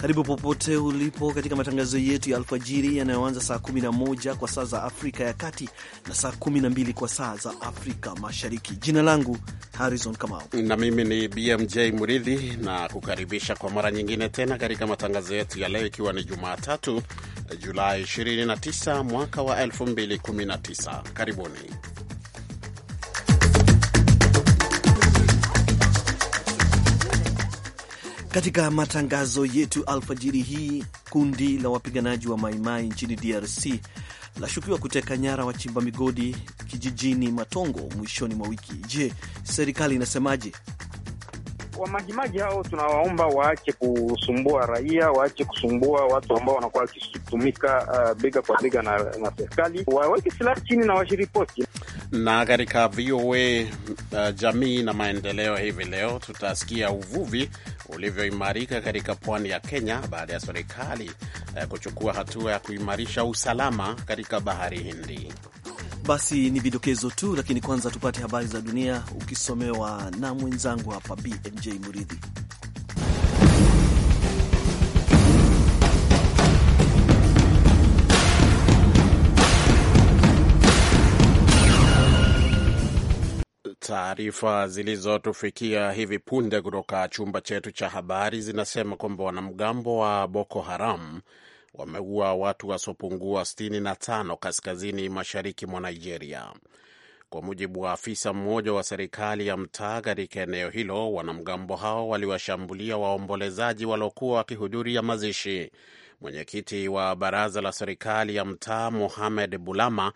Karibu popote ulipo katika matangazo yetu ya alfajiri yanayoanza saa 11 kwa saa za Afrika ya Kati na saa 12 kwa saa za Afrika Mashariki. Jina langu Harrison Kamau na mimi ni BMJ Muridhi na kukaribisha kwa mara nyingine tena katika matangazo yetu ya leo, ikiwa ni Jumatatu Julai 29 mwaka wa 2019. Karibuni. Katika matangazo yetu alfajiri hii, kundi la wapiganaji wa Maimai nchini DRC lashukiwa kuteka nyara wachimba migodi kijijini Matongo mwishoni mwa wiki. Je, serikali inasemaje? Wamajimaji hao tunawaomba waache kusumbua raia, waache kusumbua watu ambao wanakuwa wakitumika uh, bega kwa bega na, na serikali, waweke silaha chini na washiripoti. Na katika VOA uh, jamii na maendeleo, hivi leo tutasikia uvuvi ulivyoimarika katika pwani ya Kenya baada ya serikali eh, kuchukua hatua ya kuimarisha usalama katika bahari Hindi. Basi ni vidokezo tu, lakini kwanza tupate habari za dunia ukisomewa na mwenzangu hapa BMJ Muridhi. Taarifa zilizotufikia hivi punde kutoka chumba chetu cha habari zinasema kwamba wanamgambo wa Boko Haram wameua watu wasiopungua 65 kaskazini mashariki mwa Nigeria. Kwa mujibu wa afisa mmoja wa serikali ya mtaa katika eneo hilo, wanamgambo hao waliwashambulia waombolezaji waliokuwa wakihudhuria mazishi. Mwenyekiti wa baraza la serikali ya mtaa Mohamed Bulama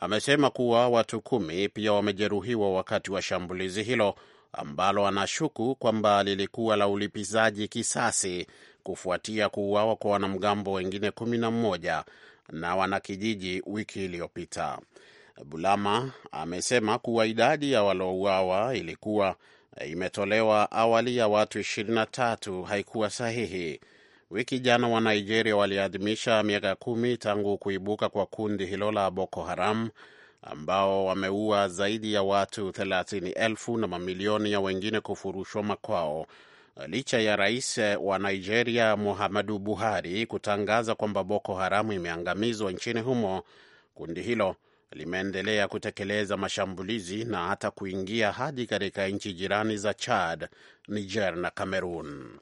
amesema kuwa watu kumi pia wamejeruhiwa wakati wa shambulizi hilo ambalo anashuku kwamba lilikuwa la ulipizaji kisasi kufuatia kuuawa kwa wanamgambo wengine kumi na mmoja na wanakijiji wiki iliyopita. Bulama amesema kuwa idadi ya waliouawa ilikuwa imetolewa awali ya watu na tatu haikuwa sahihi. Wiki jana wa Nigeria waliadhimisha miaka kumi tangu kuibuka kwa kundi hilo la Boko Haram ambao wameua zaidi ya watu thelathini elfu na mamilioni ya wengine kufurushwa makwao licha ya rais wa Nigeria Muhammadu Buhari kutangaza kwamba Boko Haramu imeangamizwa nchini humo, kundi hilo limeendelea kutekeleza mashambulizi na hata kuingia hadi katika nchi jirani za Chad, Niger na Cameroon.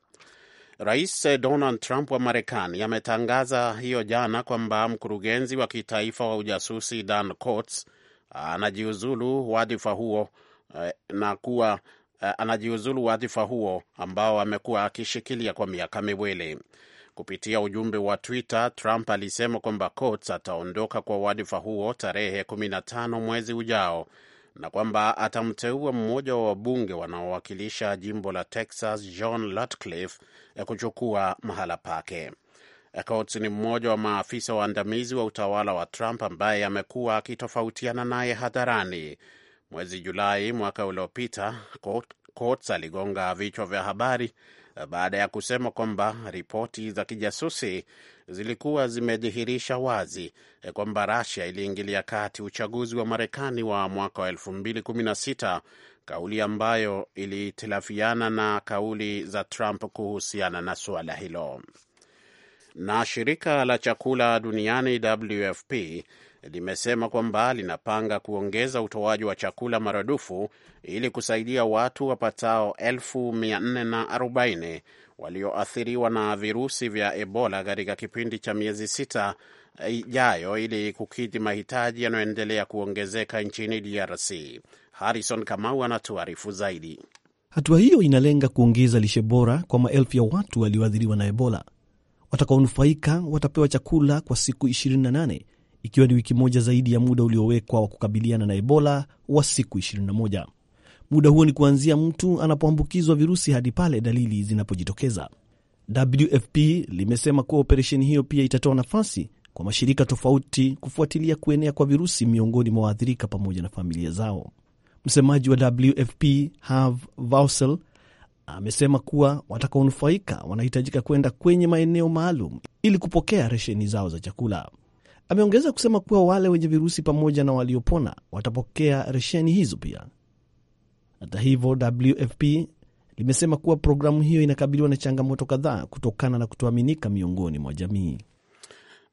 Rais Donald Trump wa Marekani ametangaza hiyo jana kwamba mkurugenzi wa kitaifa wa ujasusi Dan Coats eh, anajiuzulu wadhifa huo eh, na kuwa eh, anajiuzulu wadhifa huo ambao amekuwa akishikilia kwa miaka miwili. Kupitia ujumbe wa Twitter, Trump alisema kwamba Coats ataondoka kwa wadhifa huo tarehe 15 mwezi ujao na kwamba atamteua mmoja wa wabunge wanaowakilisha jimbo la Texas, John Ratcliffe, eh, kuchukua mahala pake. Eh, Coates ni mmoja wa maafisa waandamizi wa utawala wa Trump ambaye amekuwa akitofautiana naye hadharani. Mwezi Julai mwaka uliopita, aligonga vichwa vya habari baada ya kusema kwamba ripoti za kijasusi zilikuwa zimedhihirisha wazi eh, kwamba Russia iliingilia kati uchaguzi wa Marekani wa mwaka wa 2016, kauli ambayo ilitilafiana na kauli za Trump kuhusiana na suala hilo. Na shirika la chakula duniani WFP limesema kwamba linapanga kuongeza utoaji wa chakula maradufu ili kusaidia watu wapatao 440 walioathiriwa na virusi vya Ebola katika kipindi cha miezi sita eh, ijayo ili kukidhi mahitaji yanayoendelea kuongezeka nchini DRC. Harrison Kamau anatuarifu zaidi. Hatua hiyo inalenga kuongeza lishe bora kwa maelfu ya watu walioathiriwa na Ebola. Watakaonufaika watapewa chakula kwa siku 28 ikiwa ni wiki moja zaidi ya muda uliowekwa wa kukabiliana na Ebola wa siku 21. Muda huo ni kuanzia mtu anapoambukizwa virusi hadi pale dalili zinapojitokeza. WFP limesema kuwa operesheni hiyo pia itatoa nafasi kwa mashirika tofauti kufuatilia kuenea kwa virusi miongoni mwa waathirika pamoja na familia zao. Msemaji wa WFP Herve Vausel amesema kuwa watakaonufaika wanahitajika kwenda kwenye maeneo maalum ili kupokea resheni zao za chakula. Ameongeza kusema kuwa wale wenye virusi pamoja na waliopona watapokea resheni hizo pia. Hata hivyo, WFP limesema kuwa programu hiyo inakabiliwa na changamoto kadhaa kutokana na kutoaminika miongoni mwa jamii.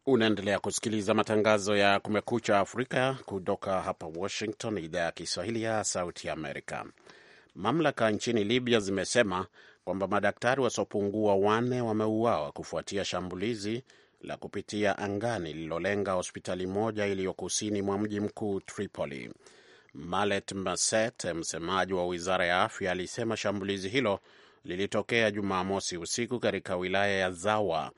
Unaendelea kusikiliza matangazo ya Kumekucha Afrika kutoka hapa Washington, idhaa ya Kiswahili ya Sauti ya Amerika. Mamlaka nchini Libya zimesema kwamba madaktari wasiopungua wane wameuawa kufuatia shambulizi la kupitia angani lililolenga hospitali moja iliyo kusini mwa mji mkuu Tripoli. Malet Maset, msemaji wa wizara ya afya, alisema shambulizi hilo lilitokea Jumamosi usiku katika wilaya ya Zawa.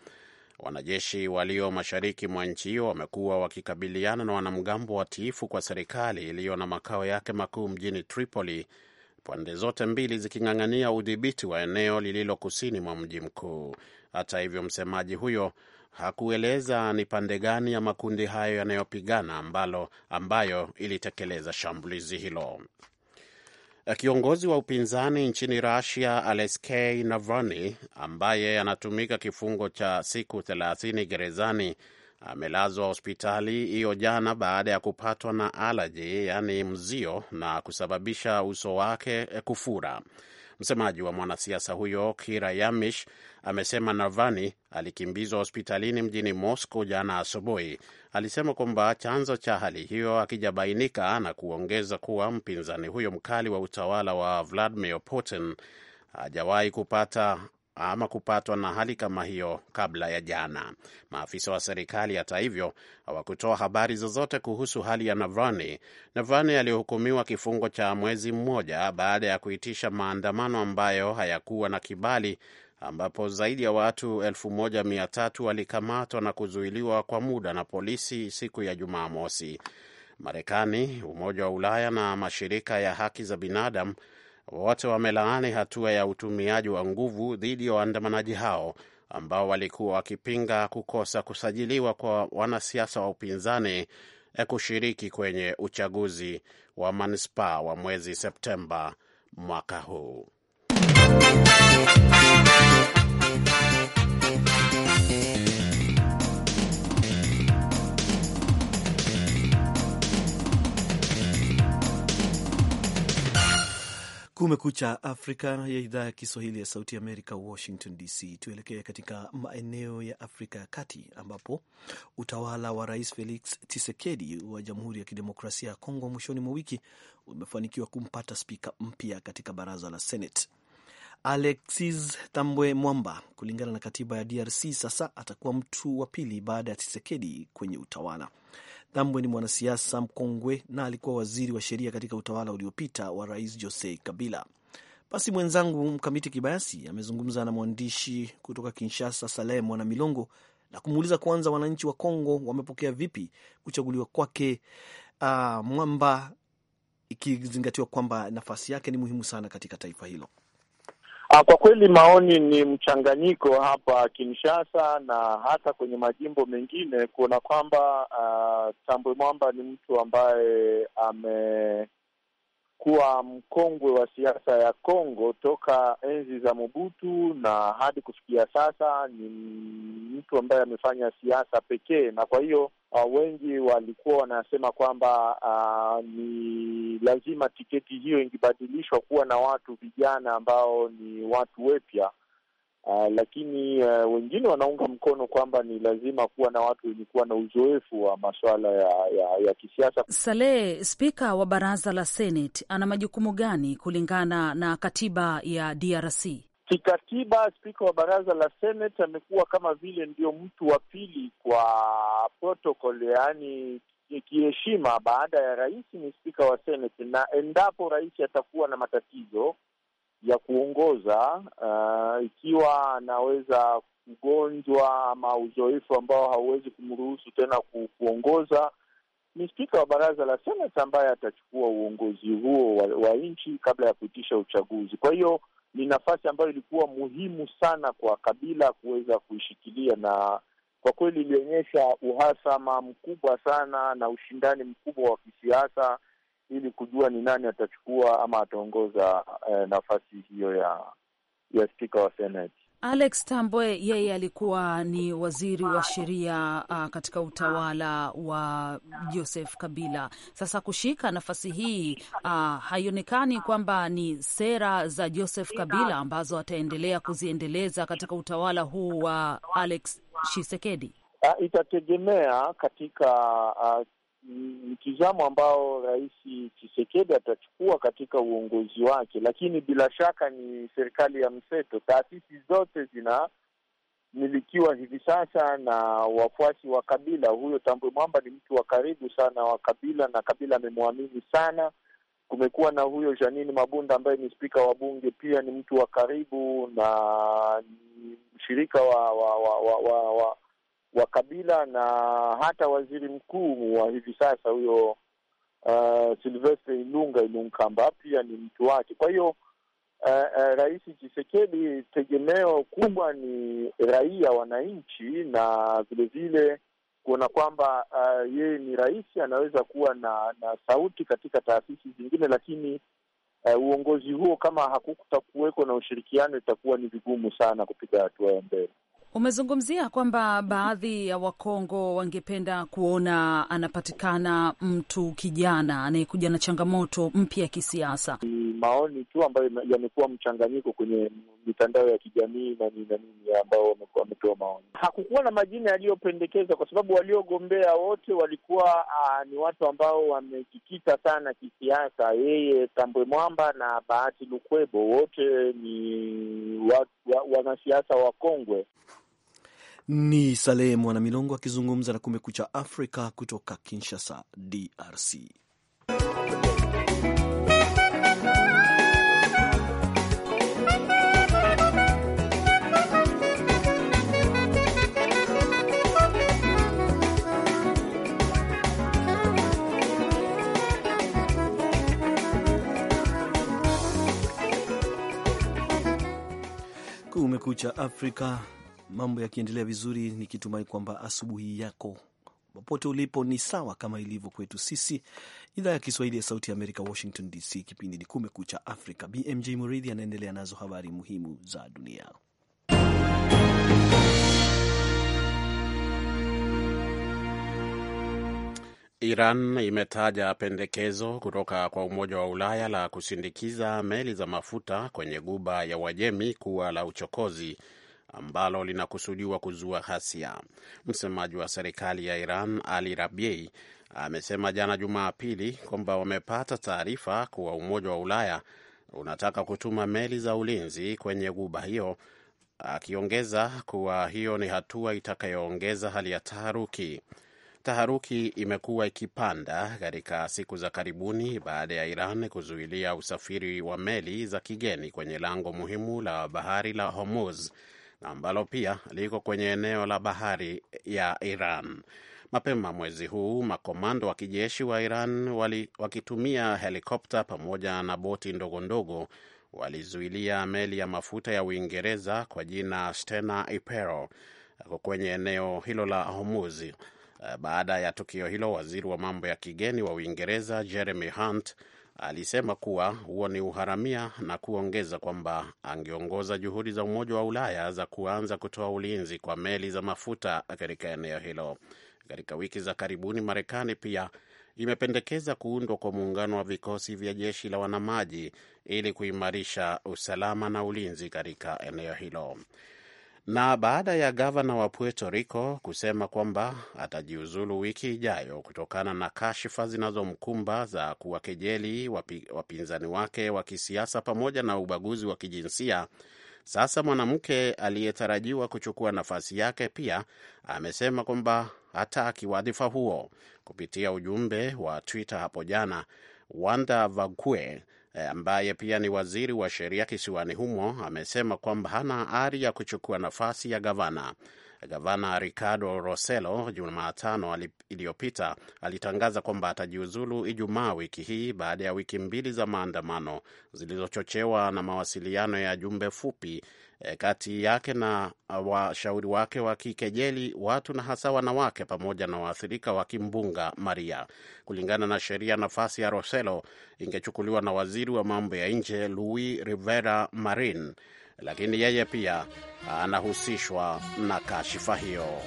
Wanajeshi walio mashariki mwa nchi hiyo wamekuwa wakikabiliana na wanamgambo watiifu kwa serikali iliyo na makao yake makuu mjini Tripoli, pande zote mbili ziking'ang'ania udhibiti wa eneo lililo kusini mwa mji mkuu. Hata hivyo, msemaji huyo hakueleza ni pande gani ya makundi hayo yanayopigana ambalo ambayo ilitekeleza shambulizi hilo. Kiongozi wa upinzani nchini Russia Alexei Navalny ambaye anatumika kifungo cha siku 30 gerezani amelazwa hospitali hiyo jana baada ya kupatwa na alaji, yaani mzio, na kusababisha uso wake kufura. Msemaji wa mwanasiasa huyo Kira Yamish amesema Navani alikimbizwa hospitalini mjini Moscow jana asubuhi. Alisema kwamba chanzo cha hali hiyo hakijabainika na kuongeza kuwa mpinzani huyo mkali wa utawala wa Vladimir Putin hajawahi kupata ama kupatwa na hali kama hiyo kabla ya jana. Maafisa wa serikali hata hivyo hawakutoa habari zozote kuhusu hali ya Navalny. Navalny aliyehukumiwa kifungo cha mwezi mmoja baada ya kuitisha maandamano ambayo hayakuwa na kibali ambapo zaidi ya watu 1300 walikamatwa na kuzuiliwa kwa muda na polisi siku ya Jumamosi. Marekani, Umoja wa Ulaya na mashirika ya haki za binadamu wote wamelaani hatua ya utumiaji wa nguvu dhidi ya waandamanaji hao ambao walikuwa wakipinga kukosa kusajiliwa kwa wanasiasa wa upinzani eh, kushiriki kwenye uchaguzi wa manispaa wa mwezi Septemba mwaka huu. Kumekucha Afrika ya idhaa ya Kiswahili ya Sauti ya Amerika, Washington DC. Tuelekee katika maeneo ya Afrika ya Kati ambapo utawala wa Rais Felix Tshisekedi wa Jamhuri ya Kidemokrasia ya Kongo mwishoni mwa wiki umefanikiwa kumpata spika mpya katika baraza la Senate, Alexis tambwe Mwamba. Kulingana na katiba ya DRC, sasa atakuwa mtu wa pili baada ya Tshisekedi kwenye utawala. Dambwe ni mwanasiasa mkongwe na alikuwa waziri wa sheria katika utawala uliopita wa Rais jose Kabila. Basi mwenzangu Mkamiti Kibayasi amezungumza na mwandishi kutoka Kinshasa, Saleh Mwana Milongo, na kumuuliza kwanza wananchi wa Kongo wamepokea vipi kuchaguliwa kwake uh, Mwamba, ikizingatiwa kwamba nafasi yake ni muhimu sana katika taifa hilo. Ah, kwa kweli maoni ni mchanganyiko hapa Kinshasa na hata kwenye majimbo mengine, kuna kwamba uh, Tambwe Mwamba ni mtu ambaye ame kuwa mkongwe wa siasa ya Kongo toka enzi za Mobutu na hadi kufikia sasa, ni mtu ambaye amefanya siasa pekee, na kwa hiyo uh, wengi walikuwa wanasema kwamba uh, ni lazima tiketi hiyo ingebadilishwa kuwa na watu vijana ambao ni watu wepya Uh, lakini uh, wengine wanaunga mkono kwamba ni lazima kuwa na watu wenye kuwa na uzoefu wa masuala ya, ya, ya kisiasa. Saleh, spika wa baraza la Senate ana majukumu gani kulingana na katiba ya DRC? Kikatiba, spika wa baraza la Senate amekuwa kama vile ndio mtu wa pili kwa protocol, yaani kiheshima, baada ya rais ni spika wa Senate, na endapo rais atakuwa na matatizo ya kuongoza uh, ikiwa anaweza ugonjwa ama uzoefu ambao hauwezi kumruhusu tena ku, kuongoza ni spika wa baraza la Senate ambaye atachukua uongozi huo wa, wa nchi kabla ya kuitisha uchaguzi. Kwa hiyo ni nafasi ambayo ilikuwa muhimu sana kwa Kabila kuweza kuishikilia, na kwa kweli ilionyesha uhasama mkubwa sana na ushindani mkubwa wa kisiasa ili kujua ni nani atachukua ama ataongoza eh, nafasi hiyo ya ya spika wa seneti. Alex Tambwe yeye alikuwa ni waziri wa sheria uh, katika utawala wa Joseph Kabila. Sasa kushika nafasi hii uh, haionekani kwamba ni sera za Joseph Kabila ambazo ataendelea kuziendeleza katika utawala huu wa Alex Tshisekedi. Uh, itategemea katika uh, mtizamo ambao Rais chisekedi atachukua katika uongozi wake, lakini bila shaka ni serikali ya mseto. Taasisi zote zinamilikiwa hivi sasa na wafuasi wa Kabila. Huyo Tambwe Mwamba ni mtu wa karibu sana wa Kabila na Kabila amemwamini sana. Kumekuwa na huyo Janini Mabunda ambaye ni spika wa bunge, pia ni mtu wa karibu na ni mshirika wa wa wa, wa, wa, wa wa Kabila na hata waziri mkuu wa hivi sasa huyo uh, Silvestre Ilunga Ilunkamba pia ni mtu wake. Kwa hiyo uh, uh, Rais Chisekedi tegemeo kubwa ni raia, wananchi, na vilevile kuona kwamba uh, yeye ni rais, anaweza kuwa na, na sauti katika taasisi zingine, lakini uh, uongozi huo kama hakutakuweko na ushirikiano itakuwa ni vigumu sana kupiga hatua ya mbele. Umezungumzia kwamba baadhi ya Wakongo wangependa kuona anapatikana mtu kijana anayekuja na changamoto mpya ya kisiasa. Ni maoni tu ambayo yamekuwa mchanganyiko kwenye mitandao ya kijamii na nini na nini, ambao wamekuwa wametoa maoni. Hakukuwa na majina yaliyopendekezwa kwa sababu waliogombea wote walikuwa aa, ni watu ambao wamejikita sana kisiasa. Yeye Tambwe Mwamba na Bahati Lukwebo wote ni wanasiasa wakongwe. Ni Saleh Mwanamilongo akizungumza na Kumekucha Afrika kutoka Kinshasa, DRC. Kumekucha Afrika Mambo yakiendelea vizuri, nikitumai kwamba asubuhi yako popote ulipo ni sawa kama ilivyo kwetu sisi. Idhaa ya Kiswahili ya Sauti ya Amerika, Washington DC. Kipindi ni Kumekucha Afrika. BMJ Muridhi anaendelea nazo habari muhimu za dunia. Iran imetaja pendekezo kutoka kwa Umoja wa Ulaya la kusindikiza meli za mafuta kwenye Guba ya Uajemi kuwa la uchokozi ambalo linakusudiwa kuzua ghasia. Msemaji wa serikali ya Iran Ali Rabiei amesema jana Jumapili kwamba wamepata taarifa kuwa Umoja wa Ulaya unataka kutuma meli za ulinzi kwenye guba hiyo, akiongeza kuwa hiyo ni hatua itakayoongeza hali ya taharuki. Taharuki imekuwa ikipanda katika siku za karibuni baada ya Iran kuzuilia usafiri wa meli za kigeni kwenye lango muhimu la bahari la Hormuz ambalo pia liko kwenye eneo la bahari ya Iran. Mapema mwezi huu makomando wa kijeshi wa Iran wali, wakitumia helikopta pamoja na boti ndogo ndogo walizuilia meli ya mafuta ya Uingereza kwa jina Stena Impero kwenye eneo hilo la Hormuz. Baada ya tukio hilo, waziri wa mambo ya kigeni wa Uingereza Jeremy Hunt alisema kuwa huo ni uharamia na kuongeza kwamba angeongoza juhudi za Umoja wa Ulaya za kuanza kutoa ulinzi kwa meli za mafuta katika eneo hilo. Katika wiki za karibuni, Marekani pia imependekeza kuundwa kwa muungano wa vikosi vya jeshi la wanamaji ili kuimarisha usalama na ulinzi katika eneo hilo. Na baada ya gavana wa Puerto Rico kusema kwamba atajiuzulu wiki ijayo kutokana na kashifa zinazomkumba za kuwakejeli wapinzani wake wa kisiasa pamoja na ubaguzi wa kijinsia, sasa mwanamke aliyetarajiwa kuchukua nafasi yake pia amesema kwamba hataki wadhifa huo. Kupitia ujumbe wa Twitter hapo jana, Wanda Vague Eh, ambaye pia ni waziri wa sheria kisiwani humo amesema kwamba hana ari ya kuchukua nafasi ya gavana. Gavana Ricardo roselo Jumatano iliyopita alitangaza kwamba atajiuzulu Ijumaa wiki hii baada ya wiki mbili za maandamano zilizochochewa na mawasiliano ya jumbe fupi E, kati yake na washauri wake wakikejeli watu na hasa wanawake pamoja na waathirika wa kimbunga Maria. Kulingana na sheria, nafasi ya Roselo ingechukuliwa na waziri wa mambo ya nje Luis Rivera Marin, lakini yeye pia anahusishwa na kashifa hiyo.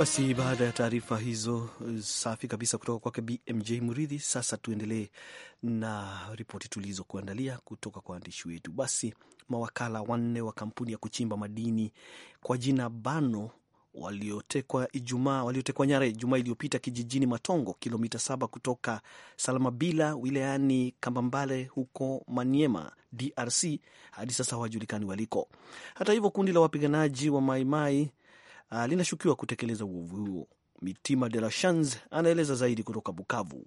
Basi baada ya taarifa hizo safi kabisa kutoka kwake BMJ Muridhi, sasa tuendelee na ripoti tulizokuandalia kutoka kwa waandishi wetu. Basi mawakala wanne wa kampuni ya kuchimba madini kwa jina Bano waliotekwa Ijumaa, waliotekwa nyara Ijumaa iliyopita kijijini Matongo, kilomita saba kutoka Salamabila wilayani Kambambale huko Maniema, DRC, hadi sasa hawajulikani waliko. Hata hivyo, kundi la wapiganaji wa Maimai Ah, linashukiwa kutekeleza uovu huo. Mitima De La Shans anaeleza zaidi kutoka Bukavu.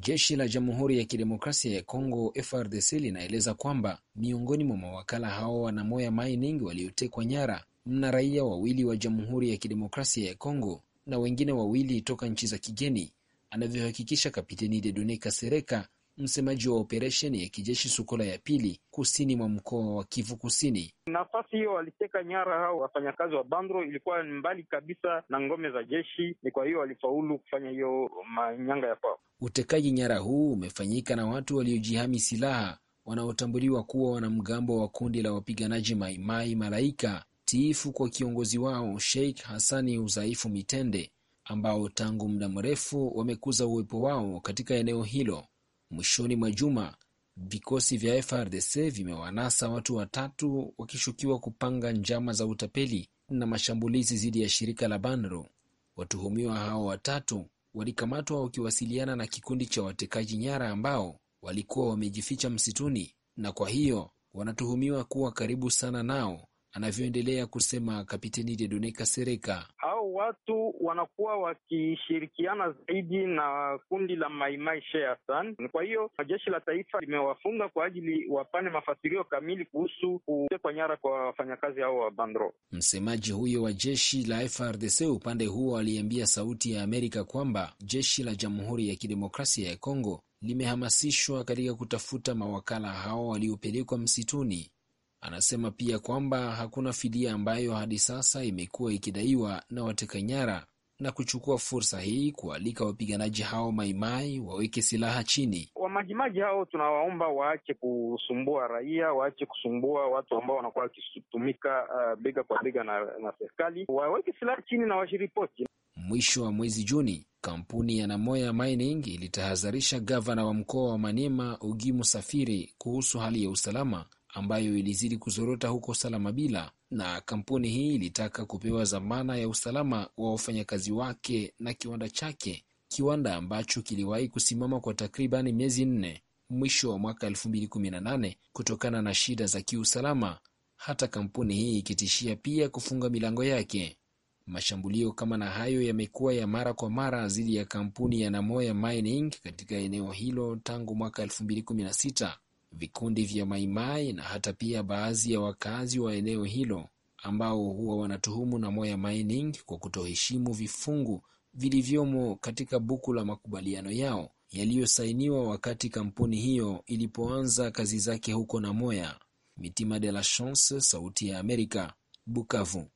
Jeshi la Jamhuri ya Kidemokrasia ya Kongo FRDC linaeleza kwamba miongoni mwa mawakala hao wana Moya Mining waliotekwa nyara mna raia wawili wa Jamhuri ya Kidemokrasia ya Kongo na wengine wawili toka nchi za kigeni, anavyohakikisha Kapiteni Dedone Kasereka, msemaji wa operesheni ya kijeshi Sukola ya pili kusini mwa mkoa wa Kivu Kusini. Nafasi hiyo waliteka nyara hao wafanyakazi wa Bandro, ilikuwa mbali kabisa na ngome za jeshi, ni kwa hiyo walifaulu kufanya hiyo manyanga ya kwao. Utekaji nyara huu umefanyika na watu waliojihami silaha wanaotambuliwa kuwa wanamgambo wa kundi la wapiganaji Maimai Malaika tiifu kwa kiongozi wao Sheikh hasani Uzaifu Mitende ambao tangu muda mrefu wamekuza uwepo wao katika eneo hilo. Mwishoni mwa juma vikosi vya frdc vimewanasa watu watatu wakishukiwa kupanga njama za utapeli na mashambulizi dhidi ya shirika la Banro. Watuhumiwa hao watatu walikamatwa wakiwasiliana na kikundi cha watekaji nyara ambao walikuwa wamejificha msituni na kwa hiyo wanatuhumiwa kuwa karibu sana nao, anavyoendelea kusema Kapiteni Dedoneka Sereka hao watu wanakuwa wakishirikiana zaidi na kundi la Maimai Sheasan. Kwa hiyo jeshi la taifa limewafunga kwa ajili wapane mafasirio kamili kuhusu kutekwa nyara kwa wafanyakazi hao wa Bandro. Msemaji huyo wa jeshi la FRDC upande huo aliambia Sauti ya Amerika kwamba jeshi la Jamhuri ya Kidemokrasia ya Kongo limehamasishwa katika kutafuta mawakala hao waliopelekwa msituni Anasema pia kwamba hakuna fidia ambayo hadi sasa imekuwa ikidaiwa na wateka nyara na kuchukua fursa hii kualika wapiganaji hao Maimai waweke silaha chini. Wamajimaji hao tunawaomba waache kusumbua raia, waache kusumbua watu ambao wanakuwa wakitumika uh, bega kwa bega na, na serikali, waweke silaha chini na washiripoti. Mwisho wa mwezi Juni, kampuni ya Namoya Mining ilitahadharisha gavana wa mkoa wa Maniema Ugimu Safiri kuhusu hali ya usalama ambayo ilizidi kuzorota huko Salamabila, na kampuni hii ilitaka kupewa dhamana ya usalama wa wafanyakazi wake na kiwanda chake, kiwanda ambacho kiliwahi kusimama kwa takribani miezi nne mwisho wa mwaka 2018 kutokana na shida za kiusalama, hata kampuni hii ikitishia pia kufunga milango yake. Mashambulio kama na hayo yamekuwa ya mara kwa mara dhidi ya kampuni ya Namoya Mining katika eneo hilo tangu mwaka vikundi vya Maimai na hata pia baadhi ya wakazi wa eneo hilo ambao huwa wanatuhumu na moya Mining kwa kutoheshimu vifungu vilivyomo katika buku la makubaliano yao yaliyosainiwa wakati kampuni hiyo ilipoanza kazi zake huko Moya. Mitima de la Chance, Sauti ya Amerika, Bukavu.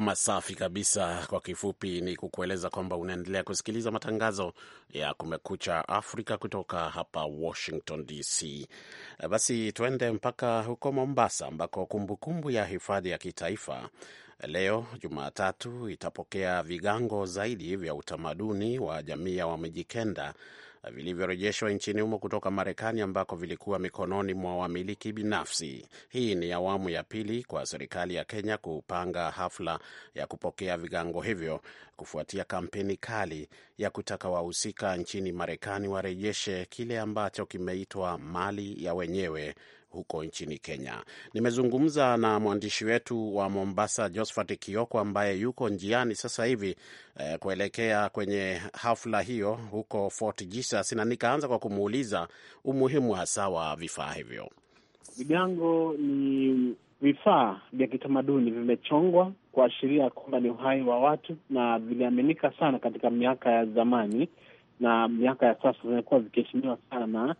Ngoma safi kabisa. Kwa kifupi, ni kukueleza kwamba unaendelea kusikiliza matangazo ya Kumekucha Afrika kutoka hapa Washington DC. Eh, basi tuende mpaka huko Mombasa, ambako kumbukumbu ya hifadhi ya kitaifa eh, leo Jumatatu itapokea vigango zaidi vya utamaduni wa jamii ya Wamijikenda vilivyorejeshwa nchini humo kutoka Marekani ambako vilikuwa mikononi mwa wamiliki binafsi. Hii ni awamu ya pili kwa serikali ya Kenya kupanga hafla ya kupokea vigango hivyo kufuatia kampeni kali ya kutaka wahusika nchini Marekani warejeshe kile ambacho kimeitwa mali ya wenyewe huko nchini Kenya. Nimezungumza na mwandishi wetu wa Mombasa, Josphat Kioko, ambaye yuko njiani sasa hivi eh, kuelekea kwenye hafla hiyo huko Fort Jesus, na nikaanza kwa kumuuliza umuhimu hasa wa vifaa hivyo. Vigango ni vifaa vya kitamaduni vimechongwa kuashiria kwamba ni uhai wa watu, na viliaminika sana katika miaka ya zamani, na miaka ya sasa vimekuwa vikiheshimiwa sana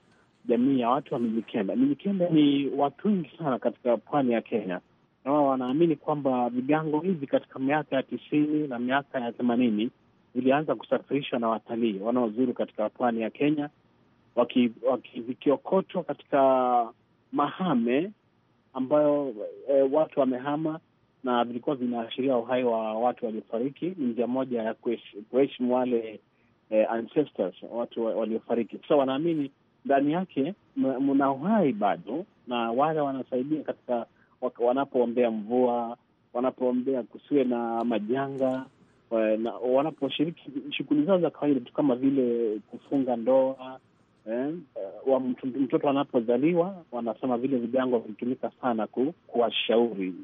jamii ya watu wa Mijikenda. Mijikenda ni watu wengi sana katika pwani ya Kenya, na wao wanaamini kwamba vigango hivi katika miaka ya tisini na miaka ya themanini vilianza kusafirishwa na watalii wanaozuru katika pwani ya Kenya, vikiokotwa katika mahame ambayo e, watu wamehama, na vilikuwa vinaashiria uhai wa watu waliofariki. Ni njia moja ya kuheshimu wale e, ancestors, watu waliofariki. Sasa wanaamini ndani yake mna uhai bado, na wale wanasaidia katika wanapoombea mvua, wanapoombea kusiwe na majanga, wanaposhiriki shughuli zao za kawaida tu kama vile kufunga ndoa eh, wa mtoto anapozaliwa, wanasema vile vigango vilitumika sana ku, kuwashauri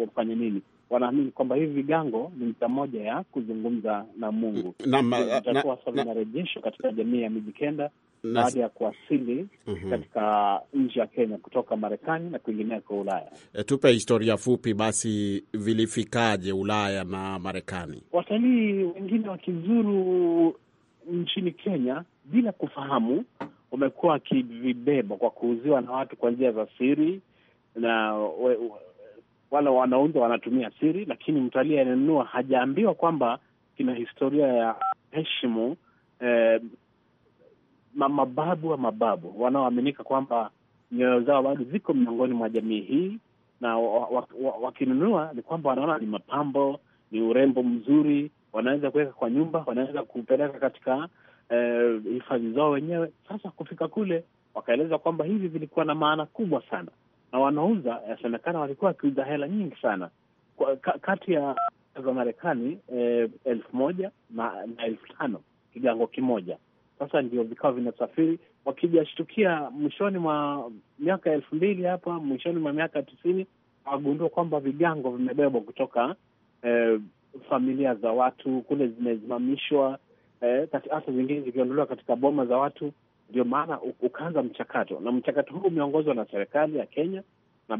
wafanye nini. Wanaamini kwamba hivi vigango ni njia moja ya kuzungumza na Mungu, itakuwa sasa na katika jamii ya Mijikenda baada ya kuwasili mm -hmm. katika nchi ya Kenya kutoka Marekani na kwingineko Ulaya. E, tupe historia fupi basi, vilifikaje Ulaya na Marekani? Watalii wengine wakizuru nchini Kenya bila kufahamu, wamekuwa wakivibeba kwa kuuziwa na watu kwa njia za siri, na wala wanauza wanatumia siri, lakini mtalii ananunua hajaambiwa kwamba kina historia ya heshimu eh, mababu wa mababu wanaoaminika kwamba nyoyo zao bado ziko miongoni mwa jamii hii, na wakinunua ni kwamba wanaona ni mapambo, ni urembo mzuri, wanaweza kuweka kwa nyumba, wanaweza kupeleka katika eh, hifadhi eh, zao wenyewe. Sasa kufika kule, wakaeleza kwamba hivi vilikuwa na maana kubwa sana, na wanauza, yasemekana walikuwa wakiuza hela nyingi sana kwa, ka, kati ya za Marekani eh, elfu moja na, na elfu tano kigango kimoja sasa ndio vikao vinasafiri, wakijashtukia mwishoni mwa miaka elfu mbili hapa mwishoni mwa miaka tisini wagundua kwamba vigango vimebebwa kutoka eh, familia za watu kule, zimesimamishwa eh, hata eh, zingine zikiondolewa katika boma za watu. Ndio maana ukaanza mchakato, na mchakato huu umeongozwa na serikali ya Kenya na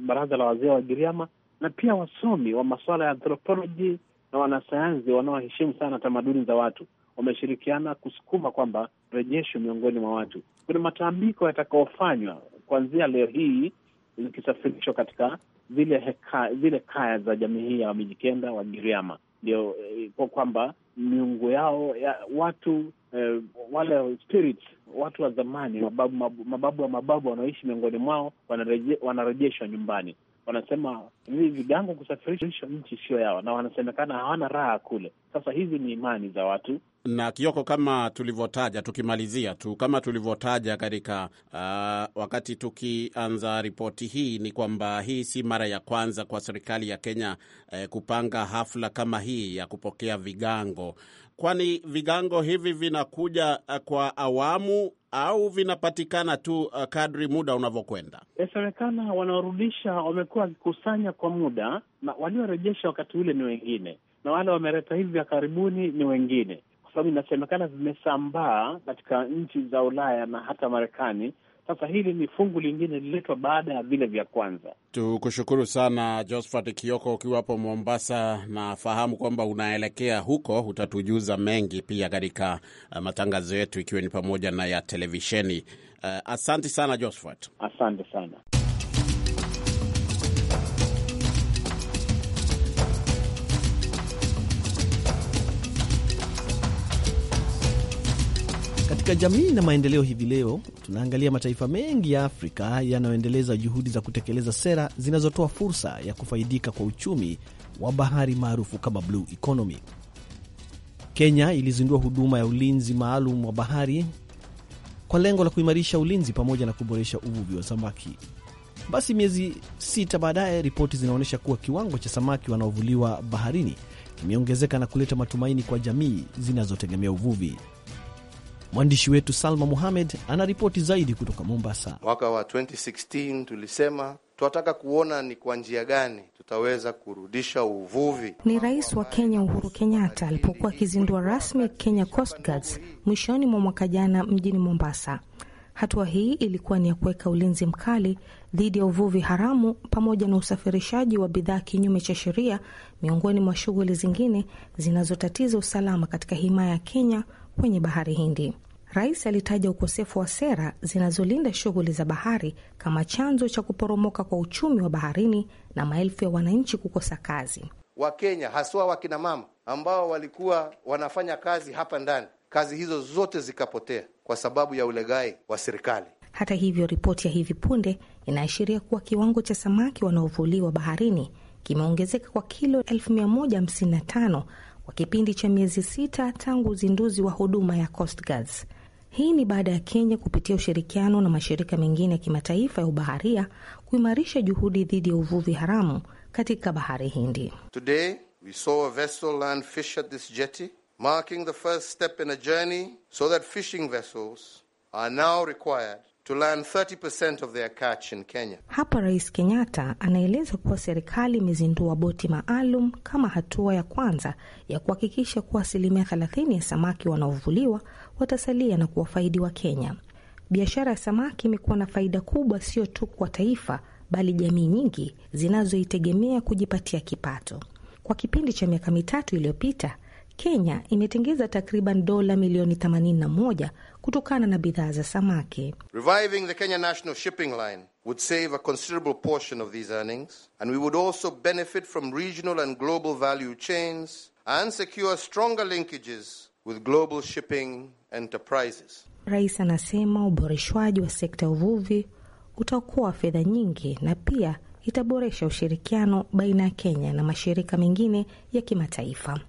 baraza la wazee wa Giriama na pia wasomi wa masuala ya anthropoloji na wanasayansi wanaoheshimu sana tamaduni za watu wameshirikiana kusukuma kwamba rejesho miongoni mwa watu. Kuna matambiko yatakaofanywa kuanzia leo hii zikisafirishwa katika zile heka, zile kaya za jamii hii ya Wamijikenda wa Giriama, ndio eh, kwa kwamba miungu yao ya watu eh, wale spirit, watu wa zamani mababu, mababu wa mababu wanaoishi miongoni mwao wanarejeshwa nyumbani wanasema hivi vigango kusafirisha nchi sio yao, na wanasemekana hawana raha kule. Sasa hizi ni imani za watu na Kioko, kama tulivyotaja, tukimalizia tu, kama tulivyotaja katika uh, wakati tukianza ripoti hii, ni kwamba hii si mara ya kwanza kwa serikali ya Kenya eh, kupanga hafla kama hii ya kupokea vigango, kwani vigango hivi vinakuja eh, kwa awamu au vinapatikana tu uh, kadri muda unavyokwenda? Inasemekana wanaorudisha wamekuwa wakikusanya kwa muda, na waliorejesha wakati ule ni wengine, na wale wameleta hivi vya karibuni ni wengine, kwa sababu inasemekana vimesambaa katika nchi za Ulaya na hata Marekani sasa hili ni fungu lingine lililetwa baada ya vile vya kwanza. Tukushukuru sana Josphat Kioko, ukiwa hapo Mombasa. Nafahamu kwamba unaelekea huko, utatujuza mengi pia katika eh, matangazo yetu, ikiwa ni pamoja na ya televisheni. Uh, asante sana Josphat, asante sana. Katika jamii na maendeleo, hivi leo tunaangalia mataifa mengi ya Afrika yanayoendeleza juhudi za kutekeleza sera zinazotoa fursa ya kufaidika kwa uchumi wa bahari maarufu kama blue economy. Kenya ilizindua huduma ya ulinzi maalum wa bahari kwa lengo la kuimarisha ulinzi pamoja na kuboresha uvuvi wa samaki. Basi miezi sita baadaye, ripoti zinaonyesha kuwa kiwango cha samaki wanaovuliwa baharini kimeongezeka na kuleta matumaini kwa jamii zinazotegemea uvuvi. Mwandishi wetu Salma Muhamed anaripoti zaidi kutoka Mombasa. Mwaka wa 2016 tulisema tunataka kuona ni kwa njia gani tutaweza kurudisha uvuvi. Ni rais wa Kenya Uhuru Kenyatta alipokuwa akizindua rasmi Kenya Coast Guards mwishoni mwa mwaka jana mjini Mombasa. Hatua hii ilikuwa ni ya kuweka ulinzi mkali dhidi ya uvuvi haramu pamoja na usafirishaji wa bidhaa kinyume cha sheria, miongoni mwa shughuli zingine zinazotatiza usalama katika himaya ya Kenya kwenye bahari Hindi. Rais alitaja ukosefu wa sera zinazolinda shughuli za bahari kama chanzo cha kuporomoka kwa uchumi wa baharini na maelfu ya wananchi kukosa kazi. Wakenya haswa wakinamama ambao walikuwa wanafanya kazi hapa ndani, kazi hizo zote zikapotea kwa sababu ya ulegai wa serikali. Hata hivyo, ripoti ya hivi punde inaashiria kuwa kiwango cha samaki wanaovuliwa baharini kimeongezeka kwa kilo 1155 kwa kipindi cha miezi sita tangu uzinduzi wa huduma ya Coast Guards. Hii ni baada ya Kenya kupitia ushirikiano na mashirika mengine ya kimataifa ya ubaharia kuimarisha juhudi dhidi ya uvuvi haramu katika bahari Hindi. Today we saw a vessel land fish at this jetty marking the first step in a journey so that fishing vessels are now required To 30% of their catch in Kenya. Hapa Rais Kenyatta anaeleza kuwa serikali imezindua boti maalum kama hatua ya kwanza ya kuhakikisha kuwa asilimia 30 ya samaki wanaovuliwa watasalia na kuwafaidi wa Kenya. Biashara ya samaki imekuwa na faida kubwa sio tu kwa taifa bali jamii nyingi zinazoitegemea kujipatia kipato. Kwa kipindi cha miaka mitatu iliyopita, Kenya imetengeza takriban dola milioni 81 kutokana na bidhaa za samaki. Reviving the Kenya National Shipping Line would save a considerable portion of these earnings and we would also benefit from regional and global value chains and secure stronger linkages with global shipping enterprises. Rais anasema uboreshwaji wa sekta ya uvuvi utaokoa fedha nyingi na pia itaboresha ushirikiano baina ya Kenya na mashirika mengine ya kimataifa.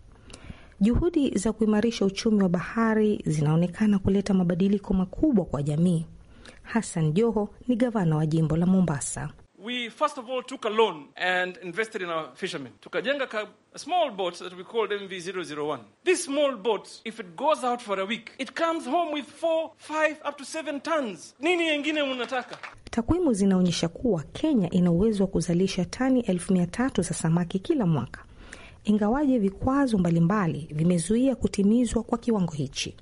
Juhudi za kuimarisha uchumi wa bahari zinaonekana kuleta mabadiliko makubwa kwa jamii. Hassan Joho ni gavana wa jimbo la Mombasa. We first of all took a loan and invested in our fishermen. Tukajenga ka small boat that we called MV001. This small boat, if it goes out for a week, it comes home with up to tons. Nini yengine Takwimu zinaonyesha kuwa Kenya ina uwezo wa kuzalisha tani elfu mia tatu za samaki kila mwaka ingawaje vikwazo mbalimbali vimezuia kutimizwa kwa kiwango hichi.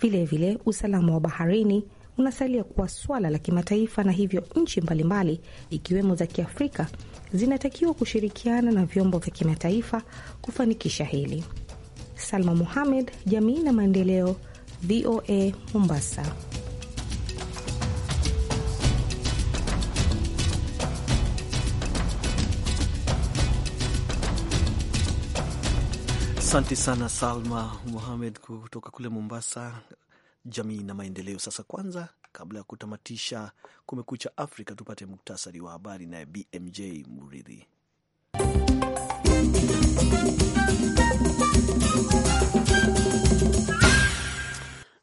Vilevile, usalama wa baharini unasalia kuwa swala la kimataifa, na hivyo nchi mbalimbali ikiwemo za Kiafrika zinatakiwa kushirikiana na vyombo vya kimataifa kufanikisha hili. Salma muhamed Jamii na Maendeleo, VOA Mombasa. Asante sana Salma Muhamed kutoka kule Mombasa, jamii na maendeleo. Sasa kwanza, kabla ya kutamatisha Kumekucha Afrika, tupate muktasari wa habari naye BMJ Muridhi.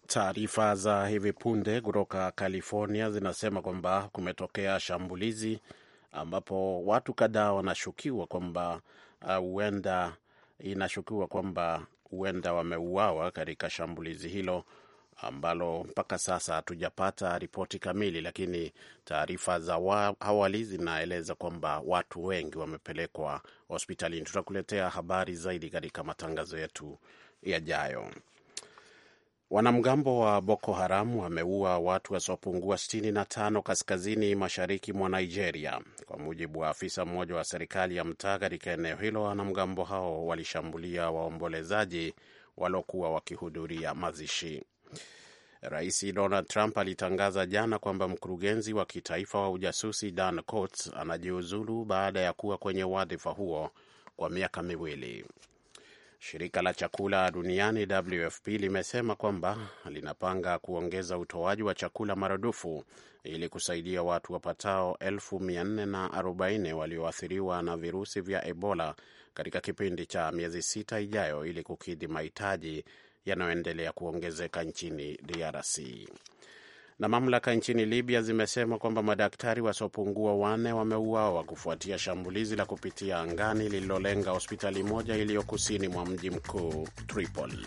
Taarifa za hivi punde kutoka California zinasema kwamba kumetokea shambulizi ambapo watu kadhaa wanashukiwa kwamba uh, huenda uh, inashukiwa kwamba huenda wameuawa katika shambulizi hilo ambalo mpaka sasa hatujapata ripoti kamili, lakini taarifa za awali zinaeleza kwamba watu wengi wamepelekwa hospitalini. Tutakuletea habari zaidi katika matangazo yetu yajayo. Wanamgambo wa Boko Haram wameua watu wasiopungua 65 kaskazini mashariki mwa Nigeria, kwa mujibu wa afisa mmoja wa serikali ya mtaa katika eneo hilo. Wanamgambo hao walishambulia waombolezaji waliokuwa wakihudhuria mazishi. Rais Donald Trump alitangaza jana kwamba mkurugenzi wa kitaifa wa ujasusi Dan Coats anajiuzulu baada ya kuwa kwenye wadhifa huo kwa miaka miwili. Shirika la chakula duniani WFP limesema kwamba linapanga kuongeza utoaji wa chakula maradufu ili kusaidia watu wapatao 440 walioathiriwa na virusi vya Ebola katika kipindi cha miezi sita ijayo ili kukidhi mahitaji yanayoendelea kuongezeka nchini DRC na mamlaka nchini Libya zimesema kwamba madaktari wasiopungua wanne wameuawa kufuatia shambulizi la kupitia angani lililolenga hospitali moja iliyo kusini mwa mji mkuu Tripoli.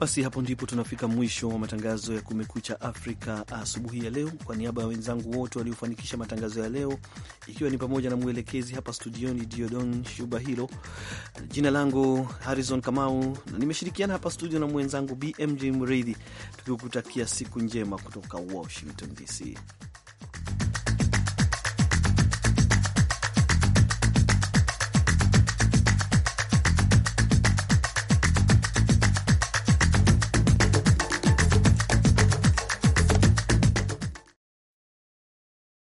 Basi hapo ndipo tunafika mwisho wa matangazo ya Kumekucha Afrika asubuhi ya leo. Kwa niaba ya wenzangu wote waliofanikisha matangazo ya leo, ikiwa ni pamoja na mwelekezi hapa studioni Diodon Shuba Hilo, jina langu Harrison Kamau na nimeshirikiana hapa studio na mwenzangu BMJ Mridhi, tukikutakia siku njema kutoka wa Washington DC.